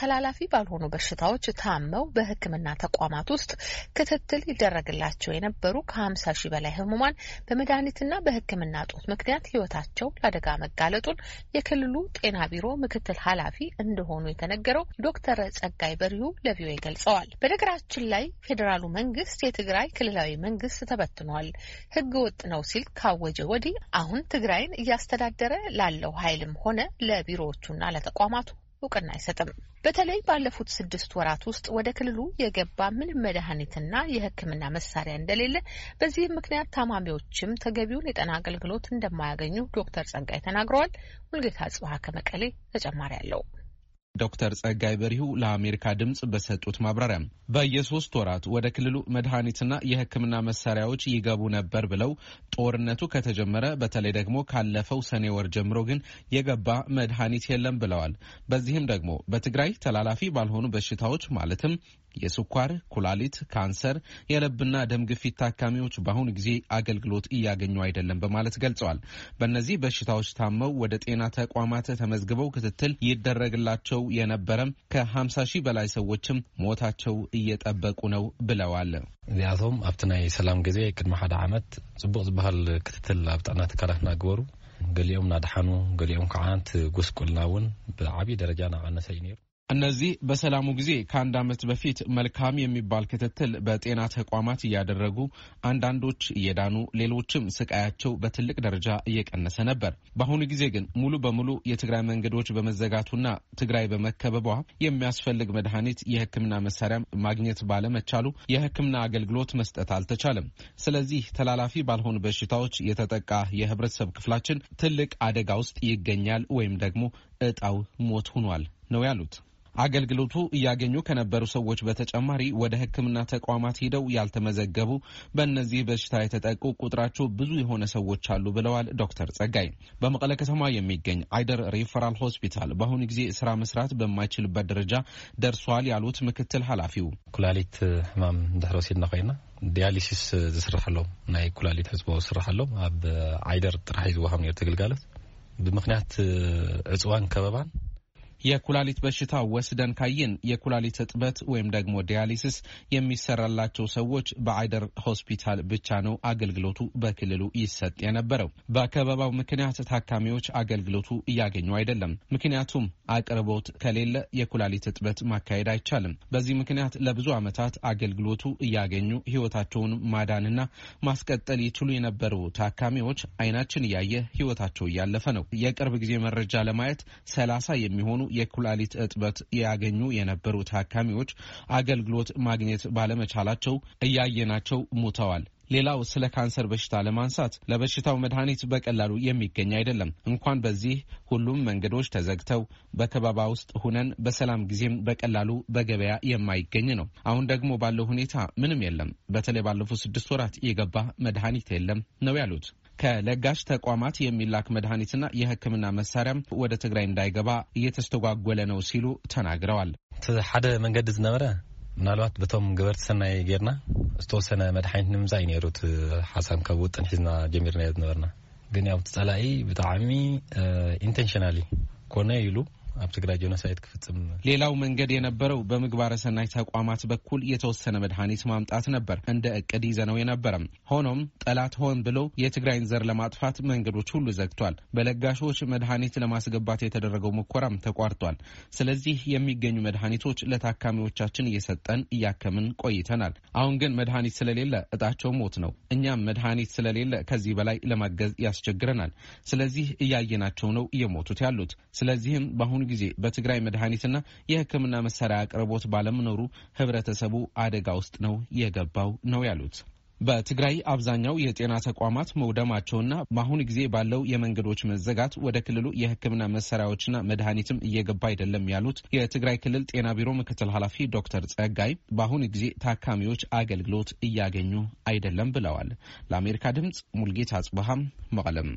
ተላላፊ ባልሆኑ በሽታዎች ታመው በሕክምና ተቋማት ውስጥ ክትትል ይደረግላቸው የነበሩ ከ50 ሺህ በላይ ህሙማን በመድኃኒትና በሕክምና ጦት ምክንያት ህይወታቸው ለአደጋ መጋለጡን የክልሉ ጤና ቢሮ ምክትል ኃላፊ እንደሆኑ የተነገረው ዶክተር ጸጋይ በሪሁ ለቪኦኤ ገልጸዋል። በነገራችን ላይ ፌዴራሉ መንግስት የትግራይ ክልላዊ መንግስት ተበትኗል፣ ህገ ወጥ ነው ሲል ካወጀ ወዲህ አሁን ትግራይን እያስተዳደረ ላለው ኃይልም ሆነ ለቢሮዎቹና ለተቋማቱ እውቅና አይሰጥም። በተለይ ባለፉት ስድስት ወራት ውስጥ ወደ ክልሉ የገባ ምንም መድኃኒትና የሕክምና መሳሪያ እንደሌለ፣ በዚህም ምክንያት ታማሚዎችም ተገቢውን የጤና አገልግሎት እንደማያገኙ ዶክተር ጸጋይ ተናግረዋል። ሙልጌታ ጽባህ ከመቀሌ ተጨማሪ አለው። ዶክተር ጸጋይ በሪሁ ለአሜሪካ ድምፅ በሰጡት ማብራሪያ በየሶስት ወራት ወደ ክልሉ መድኃኒትና የሕክምና መሳሪያዎች ይገቡ ነበር ብለው ጦርነቱ ከተጀመረ በተለይ ደግሞ ካለፈው ሰኔ ወር ጀምሮ ግን የገባ መድኃኒት የለም ብለዋል። በዚህም ደግሞ በትግራይ ተላላፊ ባልሆኑ በሽታዎች ማለትም የስኳር፣ ኩላሊት፣ ካንሰር፣ የልብና ደም ግፊት ታካሚዎች በአሁኑ ጊዜ አገልግሎት እያገኙ አይደለም በማለት ገልጸዋል። በእነዚህ በሽታዎች ታመው ወደ ጤና ተቋማት ተመዝግበው ክትትል ይደረግላቸው የነበረም ከ50 ሺህ በላይ ሰዎችም ሞታቸው እየጠበቁ ነው ብለዋል። እዚያቶም ኣብቲ ናይ ሰላም ግዜ ቅድሚ ሓደ ዓመት ፅቡቅ ዝበሃል ክትትል ኣብ ጥዕና ትካላት እናግበሩ ገሊኦም ናድሓኑ ገሊኦም ከዓ እቲ ጉስቁልና እውን ብዓብዪ ደረጃ ናቐነሰ እዩ ነይሩ እነዚህ በሰላሙ ጊዜ ከአንድ ዓመት በፊት መልካም የሚባል ክትትል በጤና ተቋማት እያደረጉ አንዳንዶች እየዳኑ ሌሎችም ስቃያቸው በትልቅ ደረጃ እየቀነሰ ነበር። በአሁኑ ጊዜ ግን ሙሉ በሙሉ የትግራይ መንገዶች በመዘጋቱና ትግራይ በመከበቧ የሚያስፈልግ መድኃኒት፣ የሕክምና መሳሪያ ማግኘት ባለመቻሉ የሕክምና አገልግሎት መስጠት አልተቻለም። ስለዚህ ተላላፊ ባልሆኑ በሽታዎች የተጠቃ የህብረተሰብ ክፍላችን ትልቅ አደጋ ውስጥ ይገኛል ወይም ደግሞ እጣው ሞት ሆኗል ነው ያሉት። አገልግሎቱ እያገኙ ከነበሩ ሰዎች በተጨማሪ ወደ ሕክምና ተቋማት ሂደው ያልተመዘገቡ በእነዚህ በሽታ የተጠቁ ቁጥራቸው ብዙ የሆነ ሰዎች አሉ ብለዋል ዶክተር ጸጋይ። በመቀለ ከተማ የሚገኝ አይደር ሪፈራል ሆስፒታል በአሁኑ ጊዜ ስራ መስራት በማይችልበት ደረጃ ደርሷል ያሉት ምክትል ኃላፊው ኩላሊት ህማም እንዳሕለወ ወሲድና ኮይና ዲያሊሲስ ዝስርሐሎም ናይ ኩላሊት ህዝቦ ዝስርሐሎም ኣብ ዓይደር ጥራሕ ዝወሃብ ነር ተግልጋሎት ብምክንያት ዕፅዋን ከበባን የኩላሊት በሽታ ወስደን ካየን የኩላሊት እጥበት ወይም ደግሞ ዲያሊሲስ የሚሰራላቸው ሰዎች በአይደር ሆስፒታል ብቻ ነው አገልግሎቱ በክልሉ ይሰጥ የነበረው። በከበባው ምክንያት ታካሚዎች አገልግሎቱ እያገኙ አይደለም። ምክንያቱም አቅርቦት ከሌለ የኩላሊት እጥበት ማካሄድ አይቻልም። በዚህ ምክንያት ለብዙ ዓመታት አገልግሎቱ እያገኙ ህይወታቸውን ማዳንና ማስቀጠል ይችሉ የነበሩ ታካሚዎች አይናችን እያየ ህይወታቸው እያለፈ ነው። የቅርብ ጊዜ መረጃ ለማየት ሰላሳ የሚሆኑ የኩላሊት እጥበት ያገኙ የነበሩ ታካሚዎች አገልግሎት ማግኘት ባለመቻላቸው እያየናቸው ሙተዋል። ሌላው ስለ ካንሰር በሽታ ለማንሳት ለበሽታው መድኃኒት በቀላሉ የሚገኝ አይደለም። እንኳን በዚህ ሁሉም መንገዶች ተዘግተው በከበባ ውስጥ ሁነን በሰላም ጊዜም በቀላሉ በገበያ የማይገኝ ነው። አሁን ደግሞ ባለው ሁኔታ ምንም የለም። በተለይ ባለፉት ስድስት ወራት የገባ መድኃኒት የለም ነው ያሉት። ከለጋሽ ተቋማት የሚላክ መድኃኒትና የሕክምና መሳሪያም ወደ ትግራይ እንዳይገባ እየተስተጓጎለ ነው ሲሉ ተናግረዋል። እቲ ሓደ መንገዲ ዝነበረ ምናልባት በቶም ግበርቲ ሰናይ ጌርና ዝተወሰነ መድሓኒት ንምምፃእ እዩ ነይሩ እቲ ሓሳብ ካብ ውጥን ሒዝና ጀሚርና ዝነበርና ግን ያው ቲ ፀላኢ ብጣዕሚ ኢንቴንሽናሊ ኮነ ኢሉ አብ ትግራይ ጆኖሳይድ ክፍጽም ሌላው መንገድ የነበረው በምግባረ ሰናይ ተቋማት በኩል የተወሰነ መድኃኒት ማምጣት ነበር እንደ እቅድ ይዘነው የነበረ። ሆኖም ጠላት ሆን ብሎ የትግራይን ዘር ለማጥፋት መንገዶች ሁሉ ዘግቷል። በለጋሾች መድኃኒት ለማስገባት የተደረገው ሙከራም ተቋርጧል። ስለዚህ የሚገኙ መድኃኒቶች ለታካሚዎቻችን እየሰጠን እያከምን ቆይተናል። አሁን ግን መድኃኒት ስለሌለ እጣቸው ሞት ነው። እኛም መድኃኒት ስለሌለ ከዚህ በላይ ለማገዝ ያስቸግረናል። ስለዚህ እያየናቸው ነው እየሞቱት ያሉት። ስለዚህም በአሁኑ ጊዜ በትግራይ መድኃኒትና የሕክምና መሳሪያ አቅርቦት ባለመኖሩ ህብረተሰቡ አደጋ ውስጥ ነው የገባው ነው ያሉት። በትግራይ አብዛኛው የጤና ተቋማት መውደማቸውና በአሁን ጊዜ ባለው የመንገዶች መዘጋት ወደ ክልሉ የህክምና መሳሪያዎችና መድኃኒትም እየገባ አይደለም ያሉት የትግራይ ክልል ጤና ቢሮ ምክትል ኃላፊ ዶክተር ጸጋይ በአሁን ጊዜ ታካሚዎች አገልግሎት እያገኙ አይደለም ብለዋል። ለአሜሪካ ድምፅ ሙልጌታ አጽበሃም መቀለም